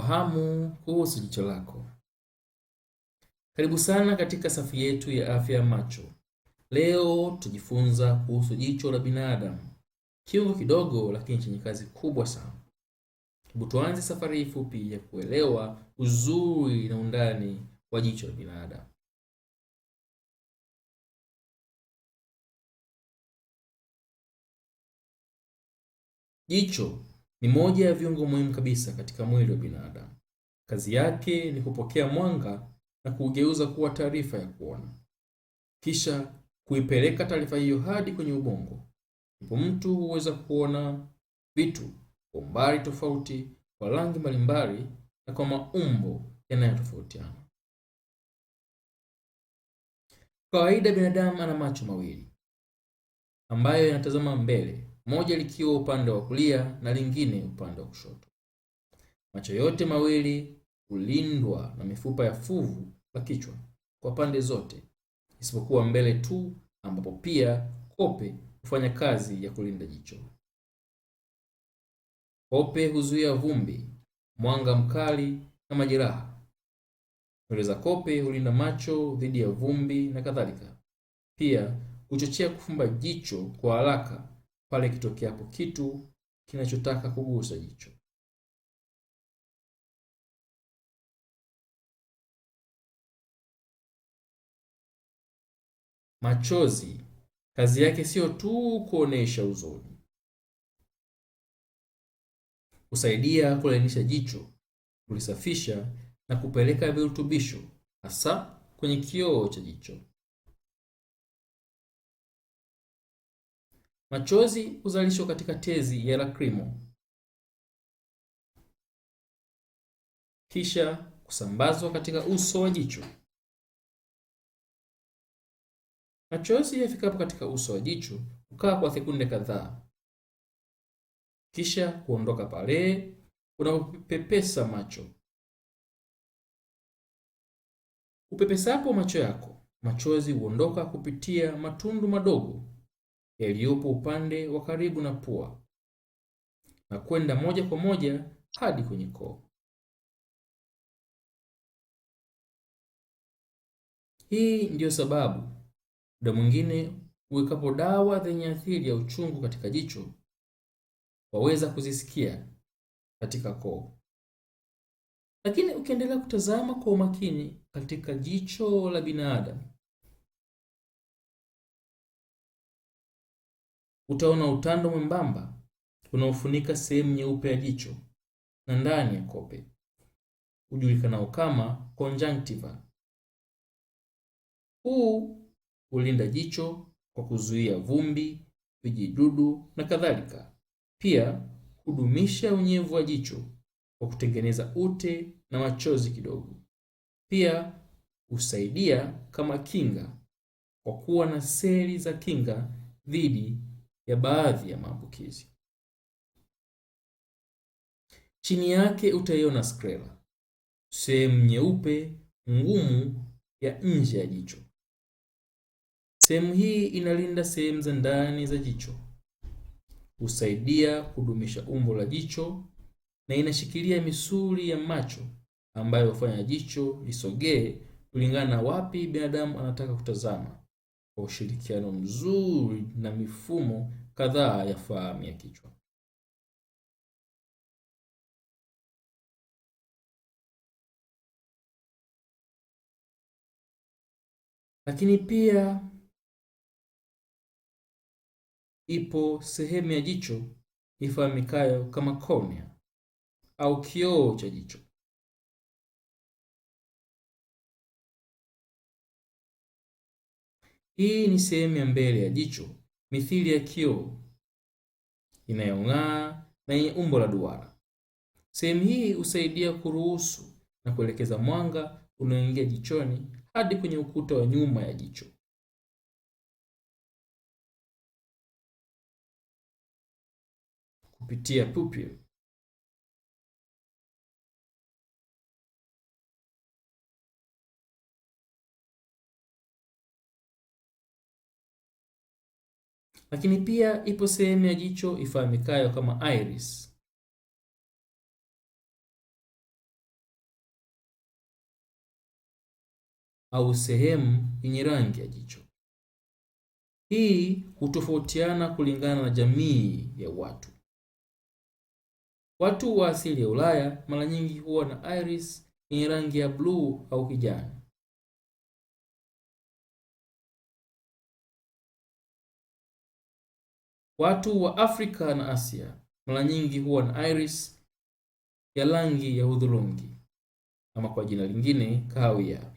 Fahamu kuhusu jicho lako. Karibu sana katika safu yetu ya afya ya macho. Leo tujifunza kuhusu jicho la binadamu, kiungo kidogo lakini chenye kazi kubwa sana. Hebu tuanze safari fupi ya kuelewa uzuri na undani wa jicho la binadamu. Jicho ni moja ya viungo muhimu kabisa katika mwili wa binadamu. Kazi yake ni kupokea mwanga na kuugeuza kuwa taarifa ya kuona, kisha kuipeleka taarifa hiyo hadi kwenye ubongo. Ndipo mtu huweza kuona vitu kwa umbali tofauti, kwa rangi mbalimbali na kwa maumbo yanayotofautiana. Kawaida binadamu ana macho mawili ambayo yanatazama mbele moja likiwa upande wa kulia na lingine upande wa kushoto. Macho yote mawili hulindwa na mifupa ya fuvu la kichwa kwa pande zote isipokuwa mbele tu, ambapo pia kope hufanya kazi ya kulinda jicho. Kope huzuia vumbi, mwanga mkali na majeraha. Nywele za kope hulinda macho dhidi ya vumbi na kadhalika. Pia huchochea kufumba jicho kwa haraka pale kitokeapo kitu kinachotaka kugusa jicho. Machozi kazi yake sio tu kuonesha uzuni, husaidia kulainisha jicho, kulisafisha na kupeleka virutubisho hasa kwenye kioo cha jicho. Machozi huzalishwa katika tezi ya lakrimu, kisha kusambazwa katika uso wa jicho. Machozi yafikapo katika uso wa jicho hukaa kwa sekunde kadhaa, kisha kuondoka pale unapopepesa macho. Upepesapo macho yako, machozi huondoka kupitia matundu madogo yaliyopo upande wa karibu na pua na kwenda moja kwa moja hadi kwenye koo. Hii ndiyo sababu muda mwingine uwekapo dawa zenye athiri ya uchungu katika jicho waweza kuzisikia katika koo, lakini ukiendelea kutazama kwa umakini katika jicho la binadamu Utaona utando mwembamba unaofunika sehemu nyeupe ya jicho na ndani ya kope ujulikanao kama conjunctiva. Huu hulinda jicho kwa kuzuia vumbi, vijidudu na kadhalika. Pia hudumisha unyevu wa jicho kwa kutengeneza ute na machozi kidogo. Pia husaidia kama kinga kwa kuwa na seli za kinga dhidi ya baadhi ya maambukizi. Chini yake utaiona sclera, sehemu nyeupe ngumu ya nje ya jicho. Sehemu hii inalinda sehemu za ndani za jicho, husaidia kudumisha umbo la jicho na inashikilia misuli ya macho ambayo hufanya jicho lisogee kulingana na wapi binadamu anataka kutazama kwa ushirikiano mzuri na mifumo kadhaa ya fahamu ya kichwa. Lakini pia ipo sehemu ya jicho ifahamikayo kama cornea au kioo cha jicho. Hii ni sehemu ya mbele ya jicho mithili ya kioo inayong'aa na yenye umbo la duara. Sehemu hii husaidia kuruhusu na kuelekeza mwanga unaoingia jichoni hadi kwenye ukuta wa nyuma ya jicho. Kupitia pupil Lakini pia ipo sehemu ya jicho ifahamikayo kama iris. au sehemu yenye rangi ya jicho. Hii hutofautiana kulingana na jamii ya watu. Watu wa asili ya Ulaya mara nyingi huwa na iris yenye rangi ya bluu au kijani. Watu wa Afrika na Asia mara nyingi huwa na iris ya rangi ya hudhurungi ama kwa jina lingine kahawia.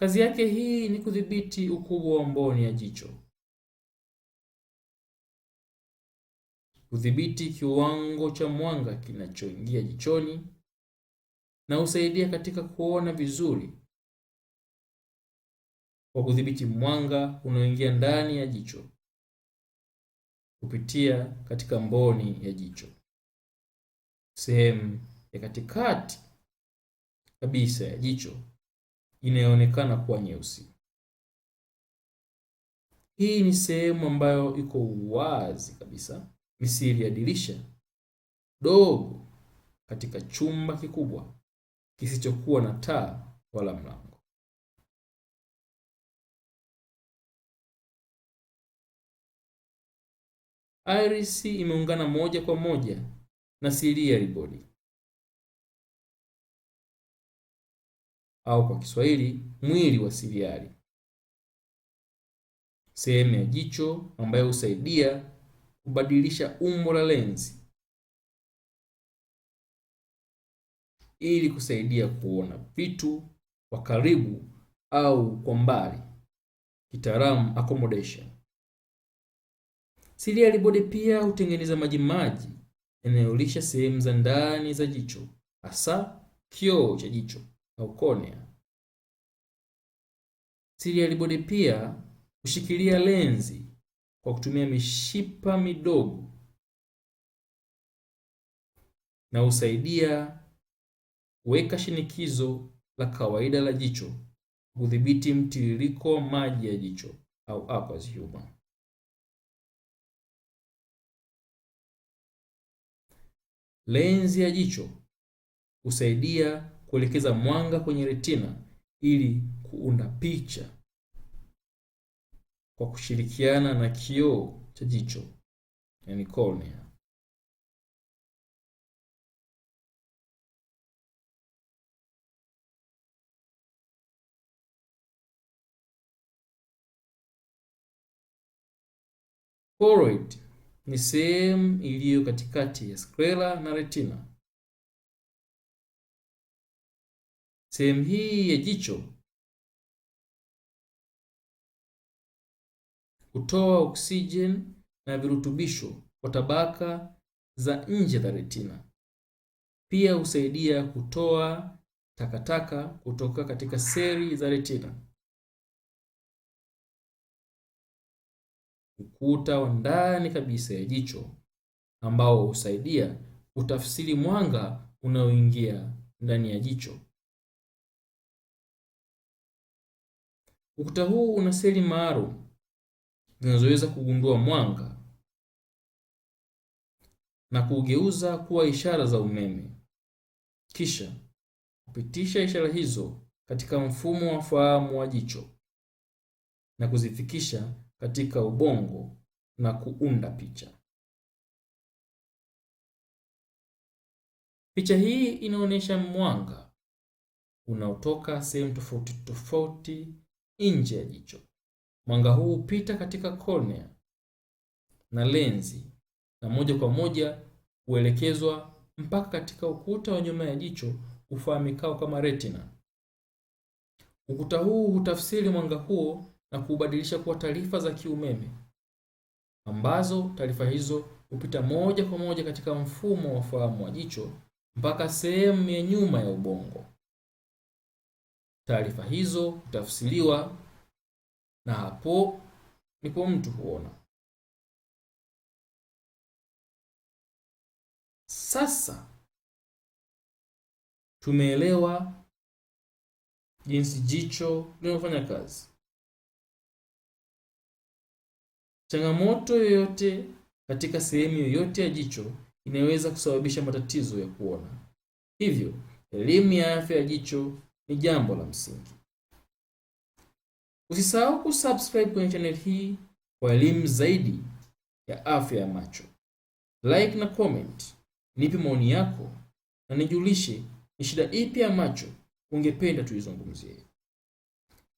Kazi yake hii ni kudhibiti ukubwa wa mboni ya jicho, kudhibiti kiwango cha mwanga kinachoingia jichoni, na husaidia katika kuona vizuri kwa kudhibiti mwanga unaoingia ndani ya jicho kupitia katika mboni ya jicho. Sehemu ya katikati kabisa ya jicho inayoonekana kuwa nyeusi. Hii ni sehemu ambayo iko wazi kabisa, misiri ya dirisha dogo katika chumba kikubwa kisichokuwa na taa wala mlango. iris imeungana moja kwa moja na ciliary body au kwa Kiswahili mwili wa siriali sehemu ya jicho ambayo husaidia kubadilisha umbo la lenzi ili kusaidia kuona vitu kwa karibu au kwa mbali, kitaalamu accommodation. Ciliary body pia hutengeneza majimaji yanayolisha sehemu za ndani za jicho, hasa kioo cha jicho au cornea. Ciliary body pia hushikilia lenzi kwa kutumia mishipa midogo na husaidia kuweka shinikizo la kawaida la jicho, kudhibiti mtiririko wa maji ya jicho au aqueous humor. Lenzi ya jicho husaidia kuelekeza mwanga kwenye retina ili kuunda picha kwa kushirikiana na kioo cha jicho, yani cornea. Choroid ni sehemu iliyo katikati ya sclera na retina. Sehemu hii ya jicho hutoa oksijeni na virutubisho kwa tabaka za nje za retina. Pia husaidia kutoa takataka kutoka katika seli za retina. ukuta wa ndani kabisa ya jicho ambao husaidia kutafsiri mwanga unaoingia ndani ya jicho. Ukuta huu una seli maalum zinazoweza kugundua mwanga na kugeuza kuwa ishara za umeme, kisha kupitisha ishara hizo katika mfumo wa fahamu wa jicho na kuzifikisha katika ubongo na kuunda picha. Picha hii inaonyesha mwanga unaotoka sehemu tofauti tofauti nje ya jicho. Mwanga huu hupita katika cornea na lenzi na moja kwa moja huelekezwa mpaka katika ukuta wa nyuma ya jicho ufahamikao kama retina. Ukuta huu hutafsiri mwanga huo na kuubadilisha kuwa taarifa za kiumeme ambazo taarifa hizo hupita moja kwa moja katika mfumo wa fahamu wa jicho mpaka sehemu ya nyuma ya ubongo. Taarifa hizo hutafsiriwa na hapo ndipo mtu huona. Sasa tumeelewa jinsi jicho linavyofanya kazi. Changamoto yoyote katika sehemu yoyote ya jicho inaweza kusababisha matatizo ya kuona. Hivyo, elimu ya afya ya jicho ni jambo la msingi. Usisahau kusubscribe kwenye channel hii kwa elimu zaidi ya afya ya macho. Like na comment, nipe maoni yako na nijulishe ni shida ipi ya macho ungependa tuizungumzie.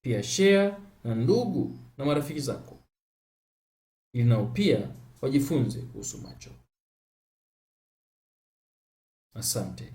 Pia share na ndugu na marafiki zako ili nao pia wajifunze kuhusu macho. Asante.